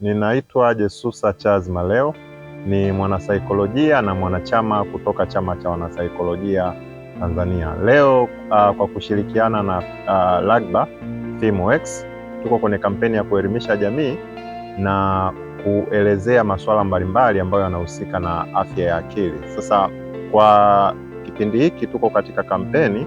Ninaitwa Jesusa Charles Maleo, ni mwanasaikolojia na mwanachama kutoka Chama cha Wanasaikolojia Tanzania. Leo uh, kwa kushirikiana na uh, Lagba Filmworks tuko kwenye kampeni ya kuelimisha jamii na kuelezea masuala mbalimbali ambayo yanahusika na afya ya akili. Sasa kwa kipindi hiki tuko katika kampeni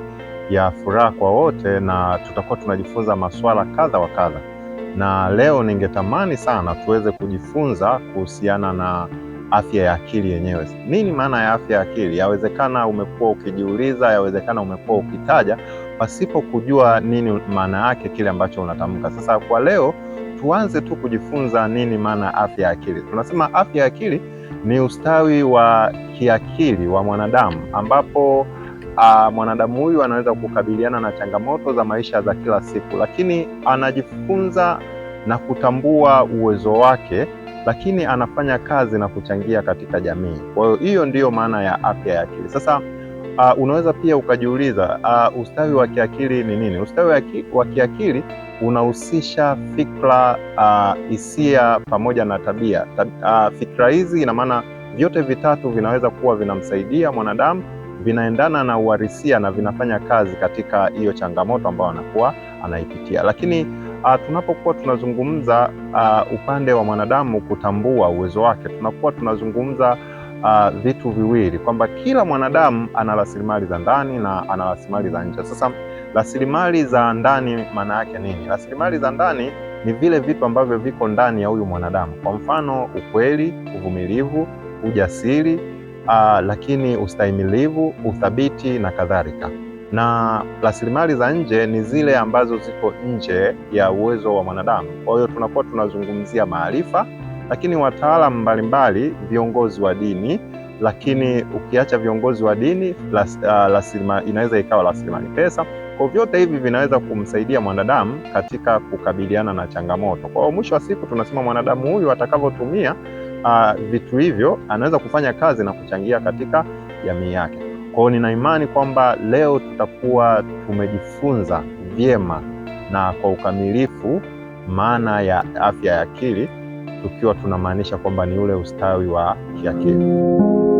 ya furaha kwa wote na tutakuwa tunajifunza masuala kadha wa kadha na leo ningetamani sana tuweze kujifunza kuhusiana na afya ya akili yenyewe. Nini maana ya afya ya akili? Yawezekana umekuwa ukijiuliza, yawezekana umekuwa ukitaja pasipo kujua nini maana yake kile ambacho unatamka. Sasa kwa leo tuanze tu kujifunza nini maana afya ya akili. Tunasema afya ya akili ni ustawi wa kiakili wa mwanadamu ambapo uh, mwanadamu huyu anaweza kukabiliana na changamoto za maisha za kila siku, lakini anajifunza na kutambua uwezo wake, lakini anafanya kazi na kuchangia katika jamii. Kwa hiyo hiyo ndiyo maana ya afya ya akili. Sasa uh, unaweza pia ukajiuliza uh, ustawi wa kiakili ni nini? Ustawi wa kiakili unahusisha fikra, hisia uh, pamoja na tabia. Tab, uh, fikra hizi ina maana vyote vitatu vinaweza kuwa vinamsaidia mwanadamu vinaendana na uharisia na vinafanya kazi katika hiyo changamoto ambayo anakuwa anaipitia. Lakini uh, tunapokuwa tunazungumza uh, upande wa mwanadamu kutambua uwezo wake, tunakuwa tunazungumza Uh, vitu viwili kwamba kila mwanadamu ana rasilimali za ndani na ana rasilimali za nje. Sasa rasilimali za ndani maana yake nini? Rasilimali za ndani ni vile vitu ambavyo viko ndani ya huyu mwanadamu, kwa mfano ukweli, uvumilivu, ujasiri uh, lakini ustahimilivu, uthabiti na kadhalika. Na rasilimali za nje ni zile ambazo ziko nje ya uwezo wa mwanadamu. Kwa hiyo tunakuwa tunazungumzia maarifa, lakini wataalamu mbalimbali, viongozi wa dini lakini ukiacha viongozi wa dini las, uh, inaweza ikawa rasilimali pesa. Kwa vyote hivi vinaweza kumsaidia mwanadamu katika kukabiliana na changamoto. Kwa hiyo mwisho wa siku tunasema mwanadamu huyu atakavyotumia uh, vitu hivyo anaweza kufanya kazi na kuchangia katika jamii yake. Kwa hiyo nina imani kwamba leo tutakuwa tumejifunza vyema na kwa ukamilifu maana ya afya ya akili, tukiwa tunamaanisha kwamba ni ule ustawi wa kiakili.